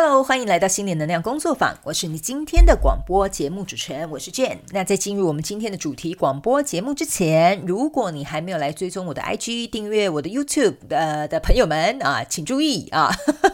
Hello，歡迎來到新年能量工作坊。我是你今天的廣播節目主持人，我是 Jhen。那在進入我們今天的主題廣播節目之前，如果你還沒有來追蹤我的 IG、訂閱我的 YouTube 的的朋友們啊，請注意啊，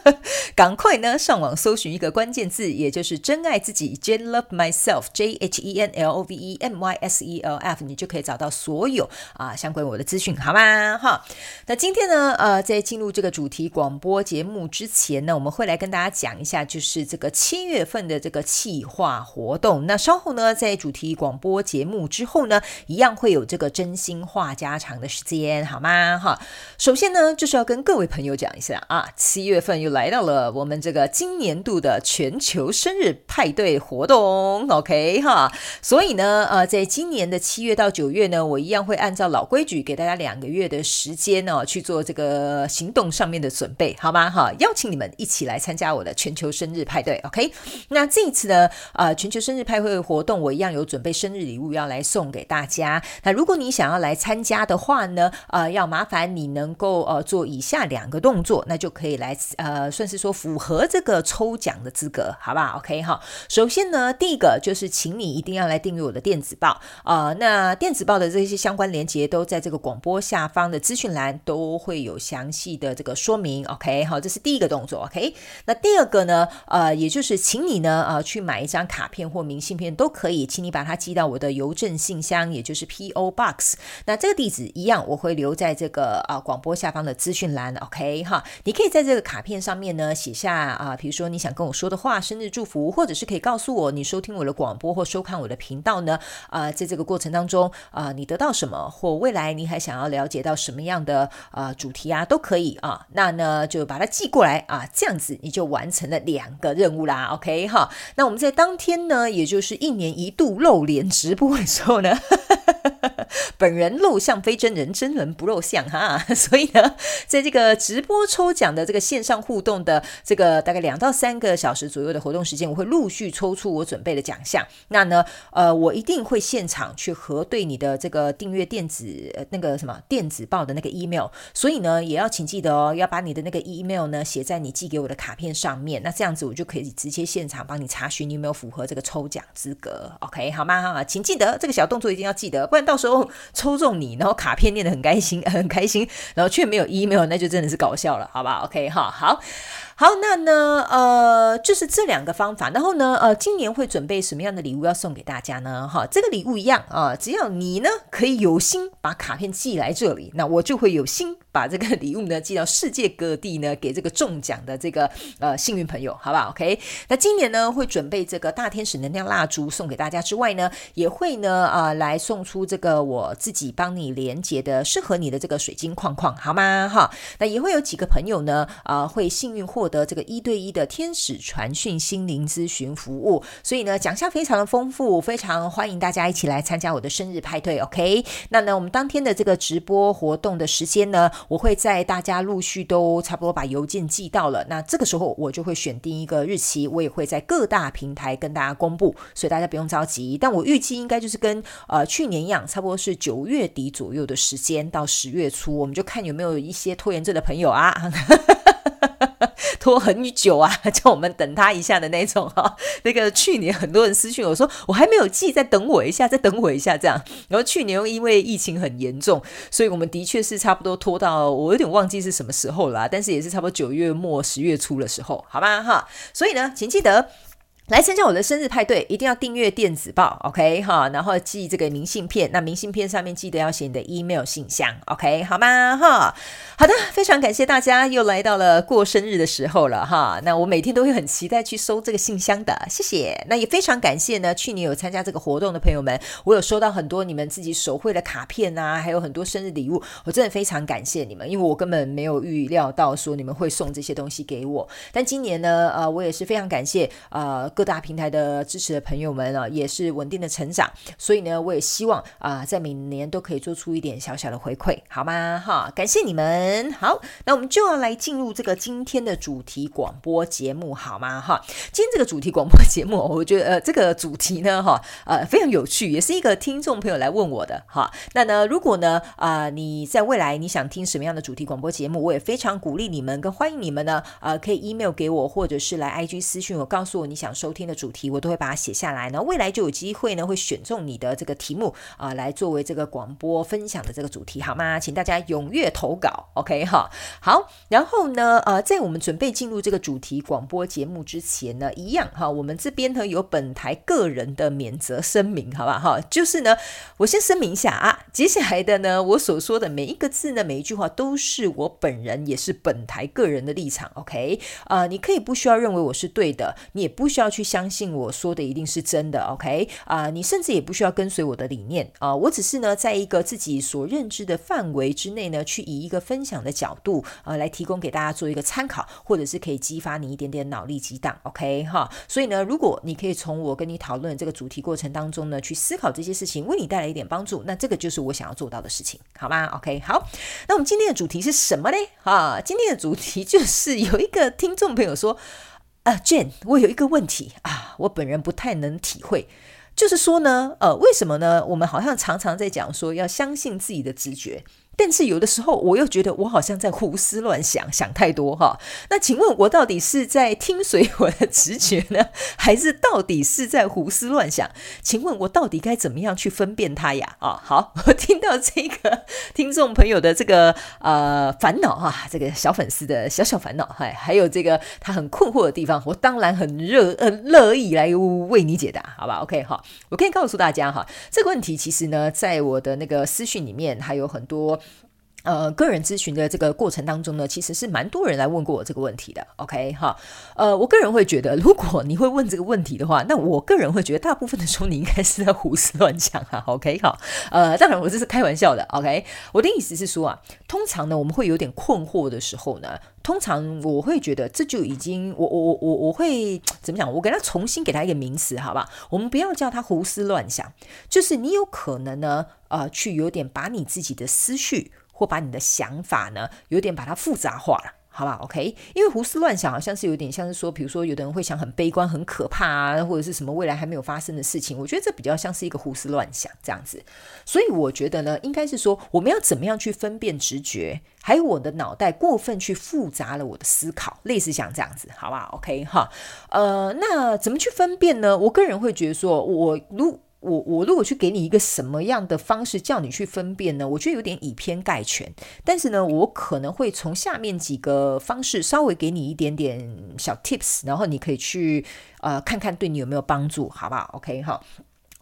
趕快呢上網搜尋一個關鍵字，也就是真愛自己，Jhen Love Myself，J H E N L O V E M Y S E L F，你就可以找到所有啊相關我的資訊，好嗎？哈。那今天呢，呃，在進入這個主題廣播節目之前呢，我們會來跟大家講。一下就是這個七月份的這個企劃活動，那稍後呢，在主題廣播節目之後呢，一樣會有這個真心話家常的時間，好嗎？哈，首先呢，就是要跟各位朋友講一下啊，七月份又來到了我們這個今年度的全球生日派對活動，OK 哈、啊，所以呢，呃，在今年的七月到九月呢，我一樣會按照老規矩給大家兩個月的時間哦、啊，去做這個行動上面的準備，好嗎？哈、啊，邀請你們一起來參加我的。全球生日派對，OK？那這一次呢，呃，全球生日派會活動，我一樣有準備生日禮物要來送給大家。那如果你想要來參加的話呢，呃，要麻煩你能夠呃做以下兩個動作，那就可以來呃算是說符合這個抽獎的資格，好不好？OK，哈。首先呢，第一個就是請你一定要來訂閱我的電子報，呃，那電子報的這些相關鏈接都在這個廣播下方的資訊欄都會有詳細的這個說明，OK，好，這是第一個動作，OK。那第二。這、那個呢，呃，也就是請你呢，呃，去買一張卡片或明信片都可以，請你把它寄到我的郵政信箱，也就是 PO Box。那這個地址一樣，我會留在這個啊、呃、廣播下方的資訊欄。OK 哈，你可以在這個卡片上面呢寫下啊、呃，比如說你想跟我說的話、生日祝福，或者是可以告訴我你收聽我的廣播或收看我的頻道呢。啊、呃，在這個過程當中啊、呃，你得到什麼或未來你還想要了解到什麼樣的啊、呃、主題啊，都可以啊。那呢就把它寄過來啊，這樣子你就完成了兩個任務啦，OK 哈。那我們在當天呢，也就是一年一度露臉直播的時候呢。 本人露相非真人，真人不露相哈。所以呢，在這個直播抽獎的這個線上互動的這個大概兩到三個小時左右的活動時間，我會陸續抽出我準備的獎項。那呢，呃，我一定會現場去核對你的這個訂閱電子、呃、那個什麼電子報的那個 email。所以呢，也要請記得哦，要把你的那個 email 呢寫在你寄給我的卡片上面。那這樣子，我就可以直接現場幫你查詢你有沒有符合這個抽獎資格。OK，好嗎？哈，請記得這個小動作一定要記得，不然到。到時候抽中你，然後卡片念得很開心，很開心，然後卻沒有一，沒有，那就真的是搞笑了，好吧？OK，哈，好。好，那呢，呃，就是這兩個方法，然後呢，呃，今年會準備什麼樣的禮物要送給大家呢？哈，這個禮物一樣啊，呃，只要你呢可以有心把卡片寄來這裡，那我就會有心把這個禮物呢寄到世界各地呢，給這個中獎的這個呃幸運朋友，好不好？OK，那今年呢會準備這個大天使能量蠟燭送給大家之外呢，也會呢啊，呃，來送出這個我自己幫你連接的適合你的這個水晶框框，好嗎？哈，那也會有幾個朋友呢啊，呃，會幸運獲。獲得這個一對一的天使傳訊心靈諮詢服務，所以呢，獎項非常的豐富，非常歡迎大家一起來參加我的生日派對。OK，那呢，我們當天的這個直播活動的時間呢，我會在大家陸續都差不多把郵件寄到了，那這個時候我就會選定一個日期，我也會在各大平台跟大家公布，所以大家不用着急。但我預計應該就是跟呃去年一樣，差不多是九月底左右的時間到十月初，我們就看有沒有一些拖延症的朋友啊。 拖很久啊，叫我們等他一下的那種哈。 那個去年很多人私訊我說我還沒有寄，再等我一下，再等我一下這樣。然後去年又因為疫情很嚴重，所以我們的確是差不多拖到我有點忘記是什麼時候啦啊，但是也是差不多九月末十月初的時候，好吧哈。所以呢，請記得。來參加我的生日派對，一定要訂閱電子報，OK 哈，然後寄這個明信片。那明信片上面記得要寫你的 email 信箱，OK 好嗎？哈，好的，非常感謝大家又來到了過生日的時候了哈。那我每天都會很期待去收這個信箱的，謝謝。那也非常感謝呢，去年有參加這個活動的朋友們，我有收到很多你們自己手繪的卡片啊，還有很多生日禮物，我真的非常感謝你們，因為我根本沒有預料到說你們會送這些東西給我。但今年呢，呃，我也是非常感謝，呃各大平台的支持的朋友們啊，也是穩定的成長，所以呢，我也希望啊、呃，在每年都可以做出一點小小的回饋，好嗎？哈，感謝你們。好，那我們就要來進入這個今天的主題廣播節目，好嗎？哈，今天這個主題廣播節目，我覺得呃，這個主題呢，哈，呃，非常有趣，也是一個聽眾朋友來問我的。哈，那呢，如果呢，啊、呃，你在未來你想聽什麼樣的主題廣播節目，我也非常鼓勵你們跟歡迎你們呢，啊、呃，可以 email 給我，或者是來 IG 私訊我，告訴我你想說。收聽的主題，我都會把它寫下來。呢，未來就有機會呢，會選中你的這個題目啊、呃，來作為這個廣播分享的這個主題，好嗎？請大家踴躍投稿。OK 哈，好。然後呢，呃，在我們準備進入這個主題廣播節目之前呢，一樣哈，我們這邊呢有本台個人的免責聲明，好不好？哈，就是呢，我先聲明一下啊，接下來的呢，我所說的每一個字呢，每一句話都是我本人也是本台個人的立場。OK，啊、呃，你可以不需要認為我是對的，你也不需要。去相信我說的一定是真的，OK 啊、呃，你甚至也不需要跟隨我的理念啊、呃，我只是呢，在一個自己所認知的範圍之內呢，去以一個分享的角度啊、呃，來提供給大家做一個參考，或者是可以激發你一點點腦力激盪，OK 哈。所以呢，如果你可以從我跟你討論這個主題過程當中呢，去思考這些事情，為你帶來一點幫助，那這個就是我想要做到的事情，好嗎？OK，好，那我們今天的主題是什麼呢？啊，今天的主題就是有一個聽眾朋友說。啊，uh，Jhen，我有一個問題啊，我本人不太能體會，就是說呢，呃，為什麼呢？我們好像常常在講說要相信自己的直覺。但是有的時候，我又覺得我好像在胡思亂想，想太多哈、哦。那請問，我到底是在聽隨我的直覺呢，還是到底是在胡思亂想？請問，我到底該怎麼樣去分辨它呀？啊、哦，好，我聽到這個聽眾朋友的這個呃煩惱哈，這個小粉絲的小小煩惱，嗨，還有這個他很困惑的地方，我當然很熱很樂意來為你解答，好吧？OK，好、哦，我可以告訴大家哈、哦，這個問題其實呢，在我的那個私訊裡面還有很多。呃，個人諮詢的這個過程當中呢，其實是蠻多人來問過我這個問題的。OK，哈，呃，我個人會覺得，如果你會問這個問題的話，那我個人會覺得，大部分的時候你應該是在胡思亂想啊。OK，哈，好，呃，當然我這是開玩笑的。OK，我的意思是說啊，通常呢，我們會有點困惑的時候呢，通常我會覺得這就已經，我我我我我會怎麼講？我給他重新給他一個名詞，好不好？我們不要叫他胡思亂想，就是你有可能呢，呃，去有點把你自己的思緒，或把你的想法呢，有點把它複雜化了，好不好？OK，因為胡思亂想好像是有點像是說，比如說有的人會想很悲觀、很可怕啊，或者是什麼未來還沒有發生的事情，我覺得這比較像是一個胡思亂想這樣子。所以我覺得呢，應該是說我們要怎麼樣去分辨直覺，還有我的腦袋過分去複雜了我的思考，類似像這樣子，好不好？OK，哈，呃，那怎麼去分辨呢？我個人會覺得說，我如。我我如果去給你一個什麼樣的方式叫你去分辨呢？我覺得有點以偏概全，但是呢，我可能會從下面幾個方式稍微給你一點點小 tips，然後你可以去呃看看對你有沒有幫助，好不好？OK 好。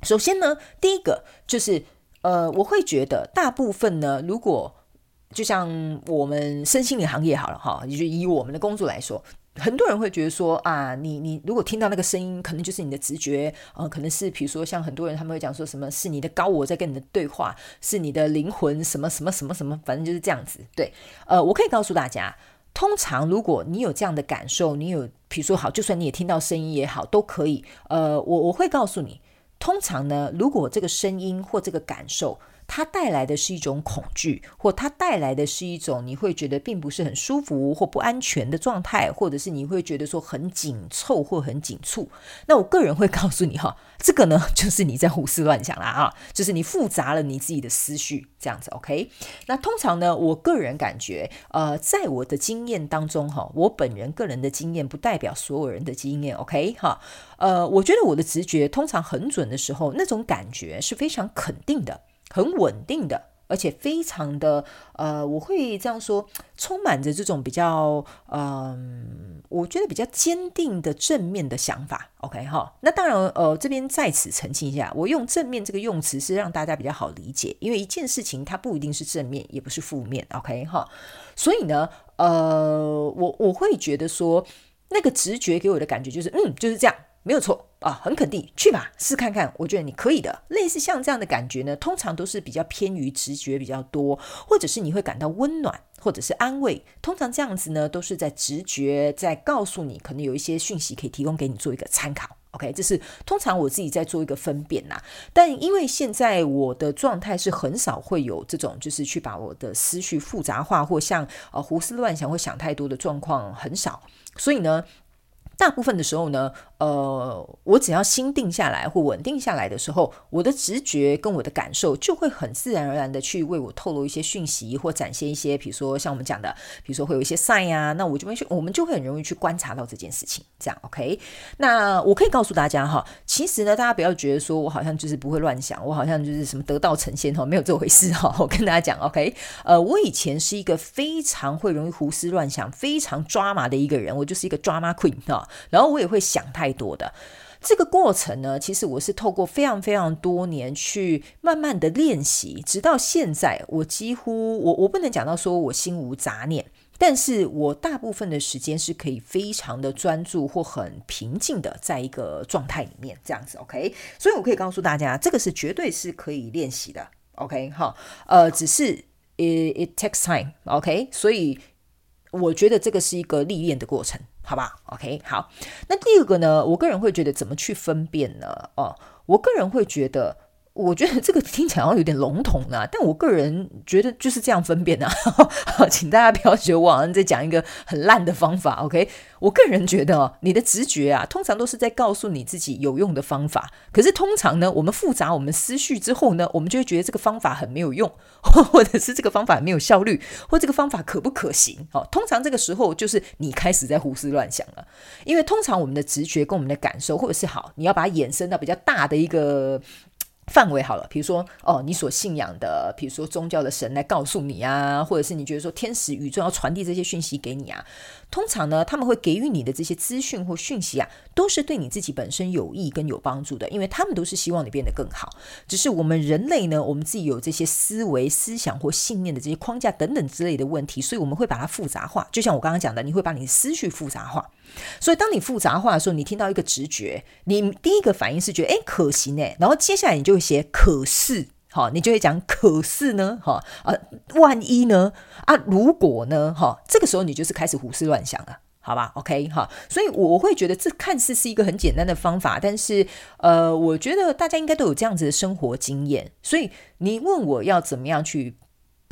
首先呢，第一個就是呃，我會覺得大部分呢，如果就像我們身心靈行業好了哈，就以我們的工作來說。很多人會覺得說啊，你你如果聽到那個聲音，可能就是你的直覺，呃，可能是比如說像很多人他們會講說什麼，是你的高我在跟你的對話，是你的靈魂什麼什麼什麼什麼，反正就是這樣子。對，呃，我可以告訴大家，通常如果你有這樣的感受，你有比如說好，就算你也聽到聲音也好，都可以。呃，我我會告訴你，通常呢，如果這個聲音或這個感受，它帶來的是一種恐懼，或它帶來的是一種你會覺得並不是很舒服或不安全的狀態，或者是你會覺得說很緊湊或很緊促。那我個人會告訴你哈，這個呢就是你在胡思亂想啦啊，就是你複雜了你自己的思緒這樣子。OK，那通常呢，我個人感覺，呃，在我的經驗當中哈，我本人個人的經驗不代表所有人的經驗。OK 哈，呃，我覺得我的直覺通常很準的時候，那種感覺是非常肯定的。很穩定的，而且非常的，呃，我會這樣說，充滿着這種比較，嗯、呃，我覺得比較堅定的正面的想法。OK 哈，那當然，呃，這邊在此澄清一下，我用正面這個用詞是讓大家比較好理解，因為一件事情它不一定是正面，也不是負面。OK 哈，所以呢，呃，我我會覺得說，那個直覺給我的感覺就是，嗯，就是這樣，沒有錯。啊、哦，很肯定，去吧，試看看，我覺得你可以的。類似像這樣的感覺呢，通常都是比較偏於直覺比較多，或者是你會感到溫暖，或者是安慰。通常這樣子呢，都是在直覺在告訴你，可能有一些訊息可以提供給你做一個參考。OK，這是通常我自己在做一個分辨吶。但因為現在我的狀態是很少會有這種，就是去把我的思緒複雜化，或像呃胡思亂想或想太多的狀況很少，所以呢。大部分的時候呢，呃，我只要心定下來或穩定下來的時候，我的直覺跟我的感受就會很自然而然的去為我透露一些訊息，或展現一些，比如說像我們講的，比如說會有一些 sign 呀、啊，那我就會去，我們就會很容易去觀察到這件事情。這樣 OK？那我可以告訴大家哈，其實呢，大家不要覺得說我好像就是不會亂想，我好像就是什麼得道成仙哦，沒有這回事哈。我跟大家講 OK？呃，我以前是一個非常會容易胡思亂想、非常抓馬的一個人，我就是一個抓馬 queen 哈然後我也會想太多的這個過程呢，其實我是透過非常非常多年去慢慢的練習，直到現在，我幾乎我我不能講到說我心無雜念，但是我大部分的時間是可以非常的專注或很平靜的在一個狀態裡面這樣子，OK？所以我可以告訴大家，這個是絕對是可以練習的，OK？哈，呃，只是，呃，it，it takes time，OK？Okay？所以我覺得這個是一個歷練的過程。好吧，OK，好。那第二個呢？我個人會覺得怎麼去分辨呢？哦，我個人會覺得。我覺得這個聽起來好像有點籠統呢、啊，但我個人覺得就是這樣分辨的、啊， 請大家不要學我。再講一個很爛的方法，OK？我個人覺得哦，你的直覺啊，通常都是在告訴你自己有用的方法。可是通常呢，我們複雜我們思緒之後呢，我們就會覺得這個方法很沒有用，或者是這個方法沒有效率，或者這個方法可不可行？哦，通常這個時候就是你開始在胡思亂想了、啊，因為通常我們的直覺跟我們的感受，或者是好，你要把它衍生到比較大的一個。範圍好了，比如說哦，你所信仰的，比如說宗教的神來告訴你啊，或者是你覺得說天使宇宙要傳遞這些訊息給你啊。通常呢，他們會給予你的這些資訊或訊息啊，都是對你自己本身有益跟有幫助的，因為他們都是希望你變得更好。只是我們人類呢，我們自己有這些思維、思想或信念的這些框架等等之類的問題，所以我們會把它複雜化。就像我剛剛講的，你會把你的思緒複雜化。所以當你複雜化的時候，你聽到一個直覺，你第一個反應是覺得誒，可行哎，然後接下來你就會寫可是。好，你就會講，可是呢，哈啊，萬一呢？啊，如果呢，哈，這個時候你就是開始胡思亂想了，好吧？OK，哈，所以我會覺得這看似是一個很簡單的方法，但是呃，我覺得大家應該都有這樣子的生活經驗，所以你問我要怎麼樣去。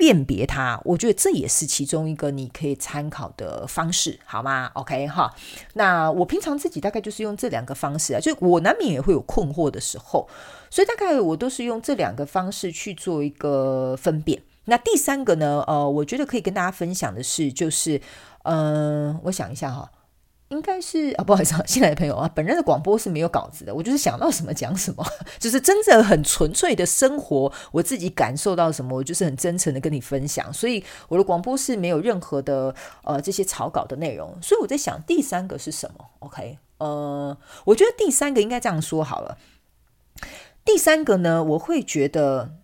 辨別它，我覺得這也是其中一個你可以參考的方式，好嗎？OK 哈，那我平常自己大概就是用這兩個方式啊，就我難免也會有困惑的時候，所以大概我都是用這兩個方式去做一個分辨。那第三個呢？呃，我覺得可以跟大家分享的是，就是嗯、呃，我想一下哈。應該是啊，不好意思，新來的朋友啊，本人的廣播是沒有稿子的，我就是想到什麼講什麼，就是真正很純粹的生活，我自己感受到什麼，我就是很真誠的跟你分享，所以我的廣播是沒有任何的呃這些草稿的內容，所以我在想第三個是什麼？OK，呃，我覺得第三個應該這樣說好了，第三個呢，我會覺得。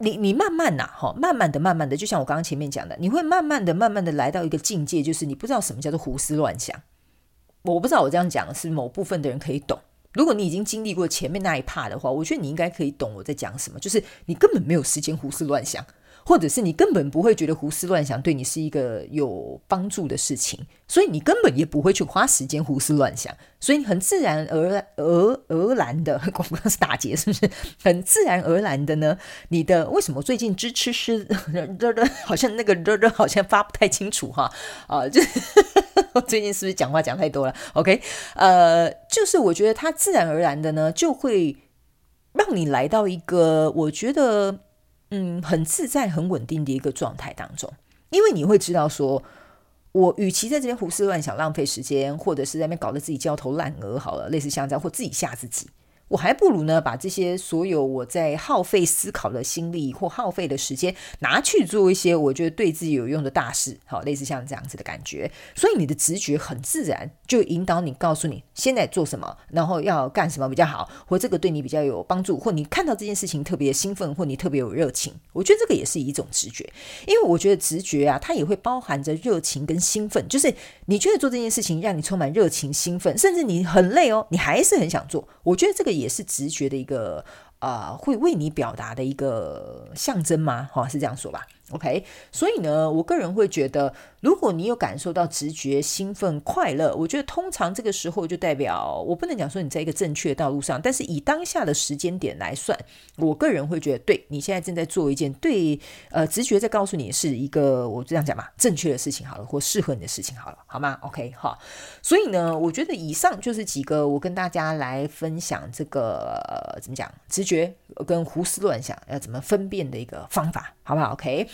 你你慢慢吶、啊，哈、哦，慢慢的，慢慢的，就像我剛剛前面講的，你會慢慢的，慢慢的來到一個境界，就是你不知道什麼叫做胡思亂想。我不知道我這樣講的是某部分的人可以懂。如果你已經經歷過前面那一趴的話，我覺得你應該可以懂我在講什麼，就是你根本沒有時間胡思亂想。或者是你根本不會覺得胡思亂想對你是一個有幫助的事情，所以你根本也不會去花時間胡思亂想，所以你很自然而然、而而然的，廣告是打劫，是不是？很自然而然的呢？你的為什麼最近支持是呵呵好像那個好像發不太清楚哈啊？就是、呵呵最近是不是講話講太多了？OK，呃，就是我覺得它自然而然的呢，就會讓你來到一個我覺得。嗯，很自在、很穩定的一個狀態當中，因為你會知道說，我與其在這邊胡思亂想、浪費時間，或者是在那邊搞得自己焦頭爛額，好了，類似像這樣，或自己嚇自己。我還不如呢，把這些所有我在耗費思考的心力或耗費的時間，拿去做一些我覺得對自己有用的大事，好，類似像這樣子的感覺。所以你的直覺很自然就引導你，告訴你現在做什麼，然後要幹什麼比較好，或這個對你比較有幫助，或你看到這件事情特別興奮，或你特別有熱情。我覺得這個也是一種直覺，因為我覺得直覺啊，它也會包含着熱情跟興奮，就是你覺得做這件事情讓你充滿熱情、興奮，甚至你很累哦，你還是很想做。我覺得這個。也是直覺的一個啊、呃，會為你表達的一個象徵嗎？哈、哦，是這樣說吧。OK，所以呢，我個人會覺得，如果你有感受到直覺興奮快樂，我覺得通常這個時候就代表，我不能講說你在一個正確的道路上，但是以當下的時間點來算，我個人會覺得，對，你現在正在做一件對，呃，直覺在告訴你是一個，我這樣講嘛，正確的事情好了，或適合你的事情好了，好嗎？OK，齁，所以呢，我覺得以上就是幾個我跟大家來分享這個、呃、怎麼講，直覺跟胡思亂想要怎麼分辨的一個方法。好不好？OK？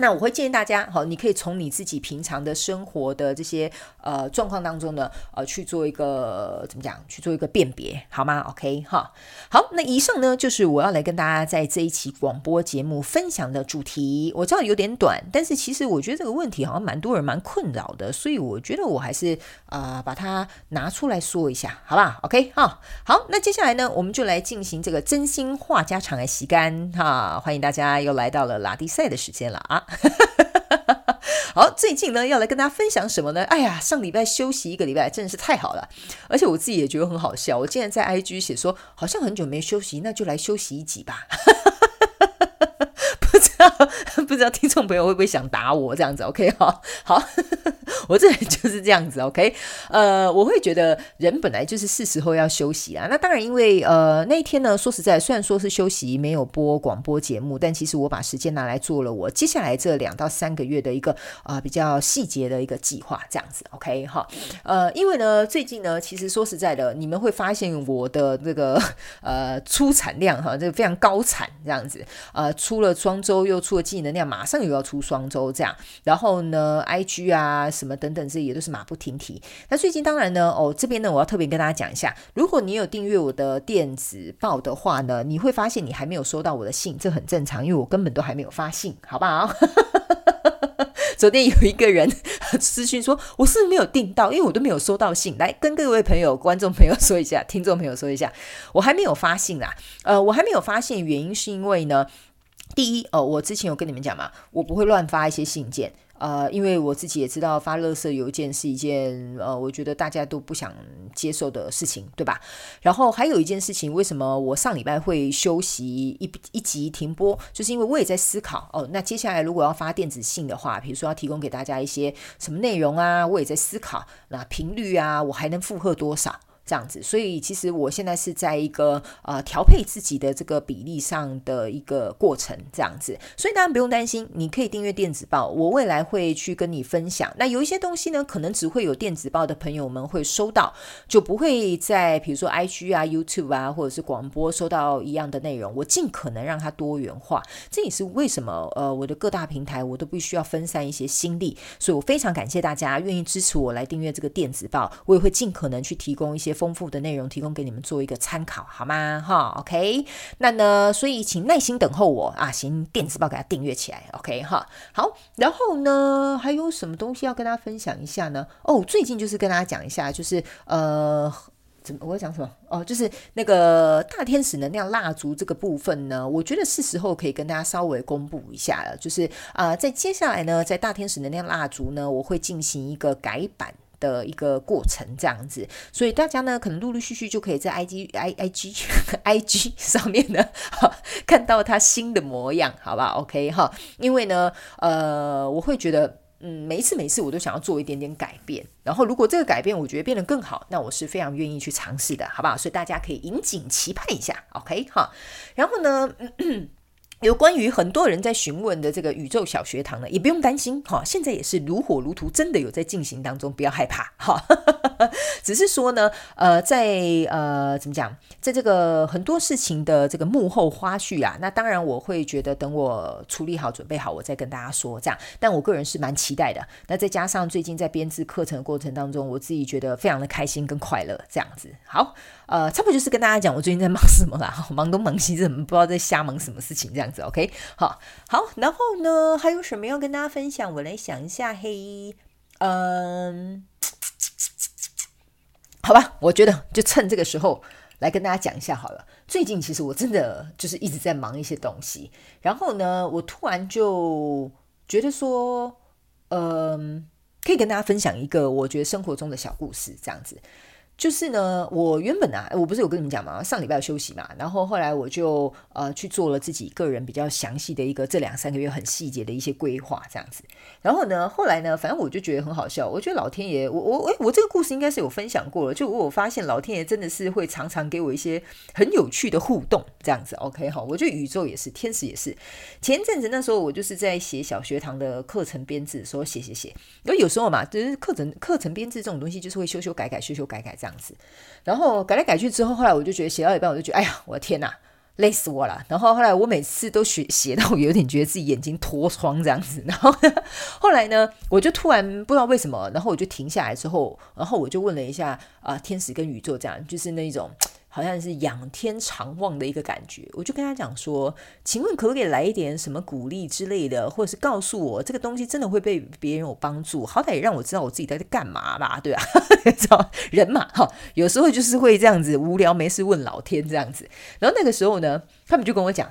那我會建議大家，好，你可以從你自己平常的生活的這些呃狀況當中呢，呃，去做一個怎麼講？去做一個辨別，好嗎？OK，哈，好，那以上呢就是我要來跟大家在這一期廣播節目分享的主題。我知道有點短，但是其實我覺得這個問題好像蠻多人蠻困擾的，所以我覺得我還是啊、呃、把它拿出來說一下，好不好？OK，哈，好，那接下來呢，我們就來進行這個真心話家常的洗肝，哈，歡迎大家又來到了拉蒂賽的時間了啊。哈，哈哈哈哈，好，最近呢要來跟大家分享什麼呢？哎呀，上禮拜休息一個禮拜，真的是太好了，而且我自己也覺得很好笑。我竟然在 IG 寫說，好像很久沒休息，那就來休息一集吧。哈哈哈哈 不知道不知道聽眾朋友會不會想打我這樣子？OK 哈，好， 我這裡就是這樣子 OK。呃，我會覺得人本來就是是時候要休息啊。那當然，因為呃那一天呢，說實在，雖然說是休息沒有播廣播節目，但其實我把時間拿來做了我接下來這兩到三個月的一個啊、呃、比較細節的一個計劃這樣子 OK 哈。呃，因為呢，最近呢，其實說實在的，你們會發現我的這個呃出產量哈，這個非常高產這樣子呃出了裝。週又出了技能量，馬上又要出雙週這樣，然後呢，IG 啊什麼等等這些也都是馬不停蹄。那最近當然呢，哦，這邊呢，我要特別跟大家講一下，如果你有訂閱我的電子報的話呢，你會發現你還沒有收到我的信，這很正常，因為我根本都還沒有發信，好不好？ 昨天有一個人私訊說我是不是沒有訂到？因為我都沒有收到信。來跟各位朋友、觀眾朋友說一下，聽眾朋友說一下，我還沒有發信啊，呃，我還沒有發現原因，是因為呢。第一，哦，我之前有跟你們講嘛，我不會亂發一些信件，呃，因為我自己也知道發垃圾郵件是一件，呃，我覺得大家都不想接受的事情，對吧？然後還有一件事情，為什麼我上禮拜會休息一一集停播，就是因為我也在思考，哦，那接下來如果要發電子信的話，比如說要提供給大家一些什麼內容啊，我也在思考，那頻率啊，我還能負荷多少？這樣子，所以其實我現在是在一個呃調配自己的這個比例上的一個過程，這樣子，所以大家不用擔心，你可以訂閱電子報，我未來會去跟你分享。那有一些東西呢，可能只會有電子報的朋友們會收到，就不會在比如說 IG 啊、YouTube 啊，或者是廣播收到一樣的內容。我盡可能讓它多元化，這也是為什麼呃我的各大平台我都必須要分散一些心力。所以我非常感謝大家願意支持我來訂閱這個電子報，我也會盡可能去提供一些。豐富的內容提供給你們做一個參考，好嗎？哈，OK，那呢，所以請耐心等候我啊，行，電子報給他訂閱起來，OK 哈。好，然後呢，還有什麼東西要跟大家分享一下呢？哦，最近就是跟大家講一下，就是呃，怎麼我會講什麼？哦，就是那個大天使能量蠟燭這個部分呢，我覺得是時候可以跟大家稍微公布一下了。就是啊、呃，在接下來呢，在大天使能量蠟燭呢，我會進行一個改版，的一個過程，這樣子，所以大家呢，可能陸陸續續就可以在 IG IG IG 上面呢，哈，看到他新的模樣，好不好？OK 哈，因為呢，呃，我會覺得，嗯，每一次，每次我都想要做一點點改變，然後如果這個改變我覺得變得更好，那我是非常願意去嘗試的，好不好？所以大家可以引頸期盼一下，OK 哈，然後呢，嗯。 有關於很多人在詢問的這個宇宙小學堂呢，也不用擔心哈，現在也是如火如荼，真的有在進行當中，不要害怕哈。 只是說呢，呃，在呃怎麼講，在這個很多事情的這個幕後花絮啊，那當然我會覺得等我處理好、準備好，我再跟大家說這樣。但我個人是蠻期待的。那再加上最近在編制課程的過程當中，我自己覺得非常的開心跟快樂，這樣子，好。呃，差不多就是跟大家講我最近在忙什麼啦，好忙東忙西，怎麼不知道在瞎忙什麼事情這樣子，OK，好，好，然後呢，還有什麼要跟大家分享？我來想一下，嘿，嗯，好吧，我覺得就趁這個時候來跟大家講一下好了。最近其實我真的就是一直在忙一些東西，然後呢，我突然就覺得說，嗯、呃，可以跟大家分享一個我覺得生活中的小故事，這樣子。就是呢，我原本啊，我不是有跟你們講嘛，上禮拜有休息嘛，然後後來我就呃去做了自己個人比較詳細的一個這兩三個月很細節的一些規劃這樣子。然後呢，後來呢，反正我就覺得很好笑，我覺得老天爺，我我我這個故事應該是有分享過了，就我發現老天爺真的是會常常給我一些很有趣的互動這樣子。OK 哈，我覺得宇宙也是，天使也是。前一陣子那時候我就是在寫小學堂的課程編製，說寫寫寫，因為有時候嘛，就是課程課程編製這種東西就是會修修改改修修改改這樣。樣子，然後改來改去之後，後來我就覺得寫到一半，我就覺得，哎呀，我的天吶、啊，累死我了。然後後來我每次都寫寫到我有點覺得自己眼睛脫窗這樣子。然後呵呵後來呢，我就突然不知道為什麼，然後我就停下來之後，然後我就問了一下啊、呃，天使跟宇宙這樣，就是那一種。好像是仰天長望的一個感覺，我就跟他講說：“請問可不可以來一點什麼鼓勵之類的，或者是告訴我這個東西真的會被別人有幫助？好歹也讓我知道我自己在幹嘛吧，對吧、啊？人嘛，哈，有時候就是會這樣子無聊沒事問老天這樣子。然後那個時候呢，他們就跟我講：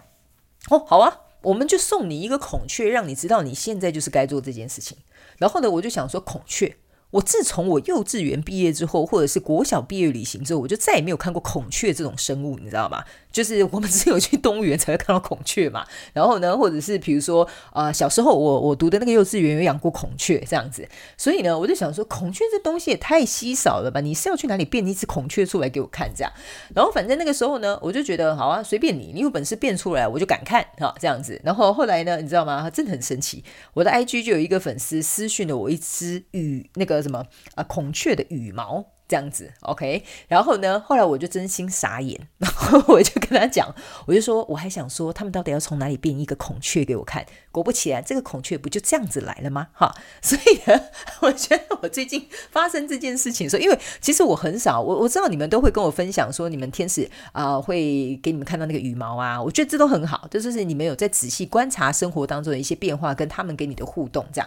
哦，好啊，我們就送你一個孔雀，讓你知道你現在就是該做這件事情。然後呢，我就想說孔雀。”我自從我幼稚園畢業之後，或者是國小畢業旅行之後，我就再也沒有看過孔雀這種生物，你知道嗎？就是我們只有去動物園才會看到孔雀嘛。然後呢，或者是比如說，啊、呃，小時候我我讀的那個幼稚園有養過孔雀這樣子，所以呢，我就想說，孔雀這東西也太稀少了吧？你是要去哪裡變一隻孔雀出來給我看這樣？然後反正那個時候呢，我就覺得好啊，隨便你，你有本事變出來，我就敢看哈這樣子。然後後來呢，你知道嗎？真的很神奇，我的 IG 就有一個粉絲私訊了我一隻與、呃、那個。什麼啊？孔雀的羽毛這樣子，OK。然後呢，後來我就真心傻眼，然後我就跟他講，我就說我還想說，他們到底要從哪裡變一個孔雀給我看？果不其然，這個孔雀不就這樣子來了嗎？哈！所以呢，我覺得我最近發生這件事情的時候，因為其實我很少，我我知道你們都會跟我分享說，你們天使啊、呃、會給你們看到那個羽毛啊，我覺得這都很好，就是你們有在仔細觀察生活當中的一些變化，跟他們給你的互動這樣。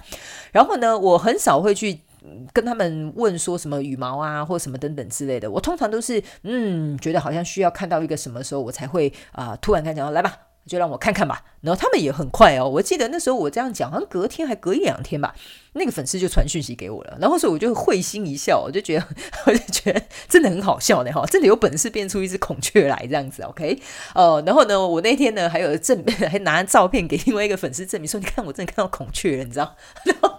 然後呢，我很少會去。跟他們問說什麼羽毛啊，或什麼等等之類的，我通常都是嗯，覺得好像需要看到一個什麼時候，我才會啊、呃，突然想說來吧，就讓我看看吧。然後他們也很快哦，我記得那時候我這樣講，好像隔天還隔一兩天吧，那個粉絲就傳訊息給我了。然後所以我就會心一笑，我就覺得， 我就覺得真的很好笑的哈，真的有本事變出一隻孔雀來這樣子，OK？哦、呃，然後呢，我那天呢還有證，還拿照片給另外一個粉絲證明說，你看我真的看到孔雀了，你知道？然後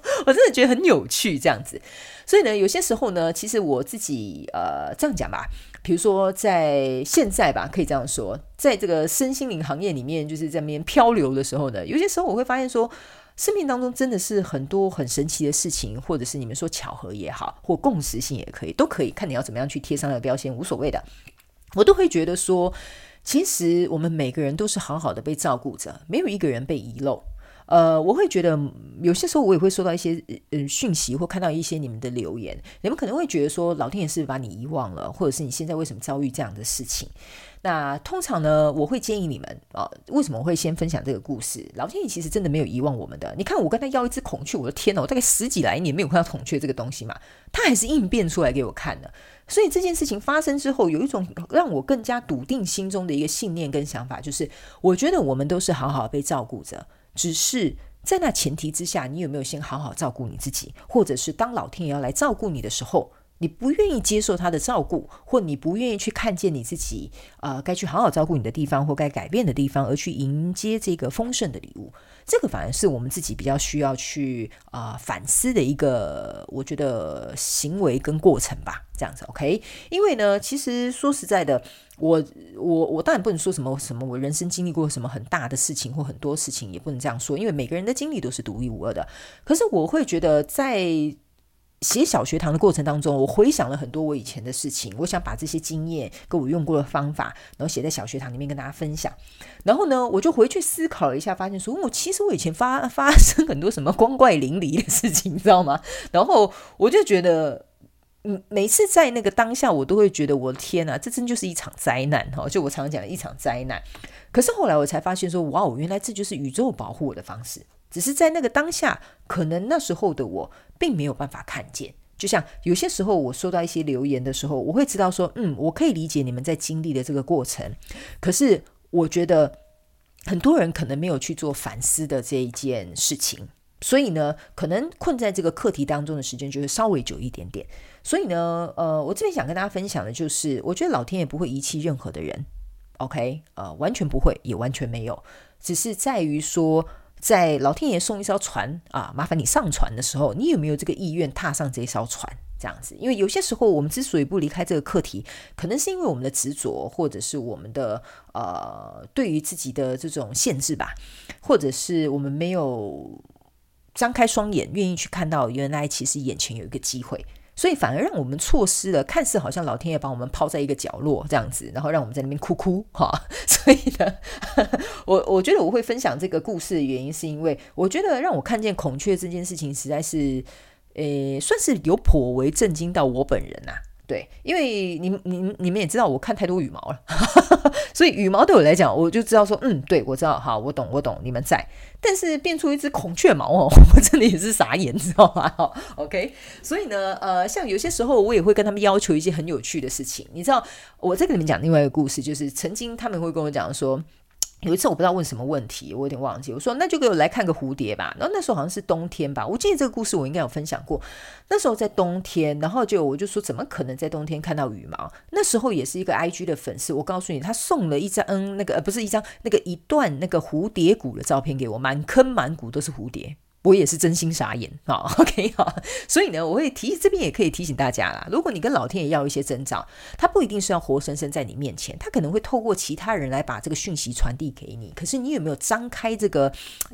我真的覺得很有趣，這樣子。所以呢，有些時候呢，其實我自己呃，這樣講吧，比如說在現在吧，可以這樣說，在這個身心靈行業裡面，就是在那邊漂流的時候呢，有些時候我會發現說，生命當中真的是很多很神奇的事情，或者是你們說巧合也好，或共識性也可以，都可以，看你要怎麼樣去貼上那個標籤，無所謂的。我都會覺得說，其實我們每個人都是好好的被照顧着，沒有一個人被遺漏。呃，我會覺得有些時候我也會收到一些、呃、訊息，或看到一些你們的留言。你們可能會覺得說，老天爺是不是把你遺忘了，或者是你現在為什麼遭遇這樣的事情？那通常呢，我會建議你們啊、呃，為什麼我會先分享這個故事？老天爺其實真的沒有遺忘我們的。你看，我跟他要一隻孔雀，我的天哪，我大概十幾來年沒有看到孔雀這個東西嘛，他還是應變出來給我看的。所以這件事情發生之後，有一種讓我更加篤定心中的一個信念跟想法，就是我覺得我們都是好好的被照顧着。只是在那前提之下，你有沒有先好好照顧你自己？或者是當老天爺要來照顧你的時候？你不願意接受他的照顧，或你不願意去看見你自己，啊、呃，該去好好照顧你的地方，或該改變的地方，而去迎接這個豐盛的禮物，這個反而是我們自己比較需要去啊、呃、反思的一個，我覺得行為跟過程吧，這樣子，OK。因為呢，其實說實在的，我我我當然不能說什麼什麼，我人生經歷過什麼很大的事情或很多事情，也不能這樣說，因為每個人的經歷都是獨一無二的。可是我會覺得在。寫小學堂的過程當中，我回想了很多我以前的事情，我想把這些經驗跟我用過的方法，然後寫在小學堂裡面跟大家分享。然後呢，我就回去思考了一下，發現說，嗯、其實我以前發發生很多什麼光怪陸離的事情，你知道嗎？然後我就覺得，嗯，每次在那個當下，我都會覺得我，我的天吶，這真就是一場災難哈、哦！就我常常講的一場災難。可是後來我才發現說，說哇哦，原來這就是宇宙保護我的方式。只是在那個當下，可能那時候的我並沒有辦法看見。就像有些時候我收到一些留言的時候，我會知道說，嗯，我可以理解你們在經歷的這個過程。可是我覺得很多人可能沒有去做反思的這一件事情，所以呢，可能困在這個課題當中的時間就會稍微久一點點。所以呢，呃，我這邊想跟大家分享的就是，我覺得老天也不會遺棄任何的人。OK，呃，完全不會，也完全沒有，只是在於說，在老天爺送一艘船啊，麻煩你上船的時候，你有沒有這個意願踏上這一艘船？這樣子，因為有些時候我們之所以不離開這個課題，可能是因為我們的執着，或者是我們的呃，對於自己的這種限制吧，或者是我們沒有張開雙眼，願意去看到原來其實眼前有一個機會。所以反而讓我們錯失了，看似好像老天爺把我們拋在一個角落這樣子，然後讓我們在那邊哭哭哈。所以呢，呵呵我我覺得我會分享這個故事的原因，是因為我覺得讓我看見孔雀這件事情，實在是，呃，算是有頗為震驚到我本人吶、啊。對，因為你們、你、你們也知道，我看太多羽毛了。呵呵所以羽毛對我來講，我就知道說，嗯，對我知道，好，我懂，我懂，你們在。但是變出一隻孔雀毛哦，我真的也是傻眼，你知道嗎？哈，OK。所以呢，呃，像有些時候，我也會跟他們要求一些很有趣的事情。你知道，我在跟你們講另外一個故事，就是曾經他們會跟我講說。有一次我不知道問什麼問題，我有點忘記。我說那就給我來看個蝴蝶吧。然後那時候好像是冬天吧，我記得這個故事我應該有分享過。那時候在冬天，然後就我就說怎麼可能在冬天看到羽毛？那時候也是一個 IG 的粉絲，我告訴你，他送了一張嗯那個呃不是一張那個一段那個蝴蝶谷的照片給我，滿坑滿谷都是蝴蝶。我也是真心傻眼啊！OK 哈，所以呢，我會提這邊也可以提醒大家啦。如果你跟老天爺要一些徵兆，他不一定是要活生生在你面前，他可能會透過其他人來把這個訊息傳遞給你。可是你有沒有張開這個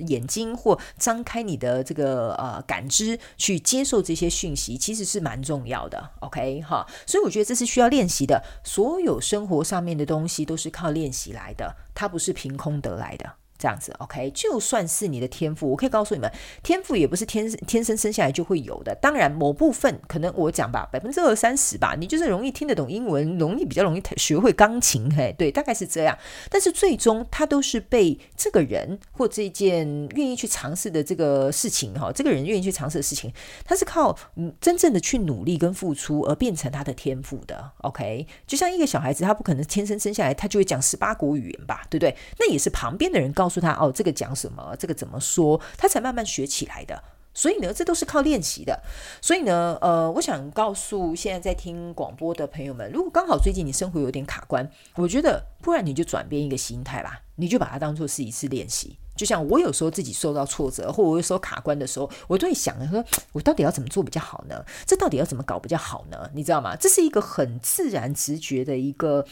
眼睛或張開你的這個呃感知去接受這些訊息，其實是蠻重要的。OK 哈，所以我覺得這是需要練習的。所有生活上面的東西都是靠練習來的，它不是憑空得來的。這樣子，OK，就算是你的天賦，我可以告訴你們，天賦也不是天天生生下來就會有的。當然，某部分可能我講吧，百分之二三十吧，你就是容易聽得懂英文，容易比較容易學會鋼琴，嘿，對，大概是這樣。但是最終，他都是被這個人或這件願意去嘗試的這個事情，這個人願意去嘗試的事情，他是靠、嗯、真正的去努力跟付出而變成他的天賦的。OK，就像一個小孩子，他不可能天生生下來他就會講十八國語言吧，對不對，對？那也是旁邊的人告。告訴他哦，這個講什麼？這個怎麼說？他才慢慢學起來的。所以呢，這都是靠練習的。所以呢，呃，我想告訴現在在聽廣播的朋友們，如果剛好最近你生活有點卡關，我覺得不然你就轉變一個心態吧，你就把它當做是一次練習。就像我有時候自己受到挫折，或我有時候卡關的時候，我都會想說，我到底要怎麼做比較好呢？這到底要怎麼搞比較好呢？你知道嗎？這是一個很自然直覺的一個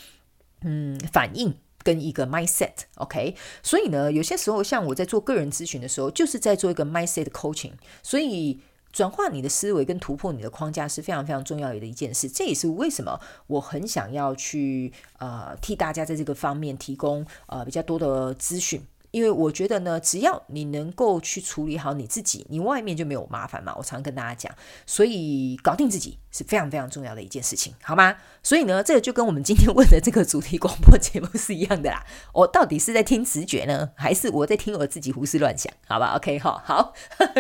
嗯反應。跟一個 mindset，OK，所以呢，有些時候像我在做個人諮詢的時候，就是在做一個 mindset coaching，所以轉化你的思維跟突破你的框架是非常非常重要的一件事。這也是為什麼我很想要去呃替大家在這個方面提供呃比較多的資訊。因為我覺得呢，只要你能夠去處理好你自己，你外面就沒有麻煩嘛。我常跟大家講，所以搞定自己是非常非常重要的一件事情，好嗎？所以呢，這個就跟我們今天問的這個主題廣播節目是一樣的啦。我到底是在聽直覺呢，還是我在聽我自己胡思亂想？好吧，OK 哈，好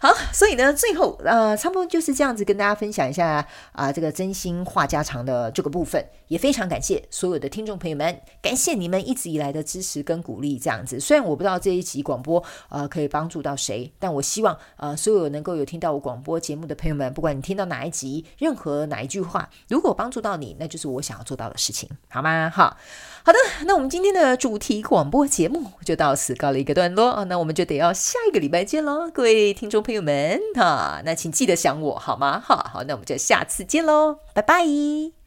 好，所以呢，最後呃，差不多就是這樣子跟大家分享一下啊，呃，這個真心話家常的這個部分，也非常感謝所有的聽眾朋友們，感謝你們一直以來的支持跟鼓勵，這樣子。雖然我不知道這一集廣播呃可以幫助到誰，但我希望呃所有能夠有聽到我廣播節目的朋友們，不管你聽到哪一集，任何哪一句話，如果幫助到你，那就是我想要做到的事情，好嗎？好好的，那我們今天的主題廣播節目就到此告了一個段落。那我們就得要下一個禮拜見嘍，各位聽眾朋友們哈，那請記得想我好嗎？好好，那我們就下次見嘍，拜拜。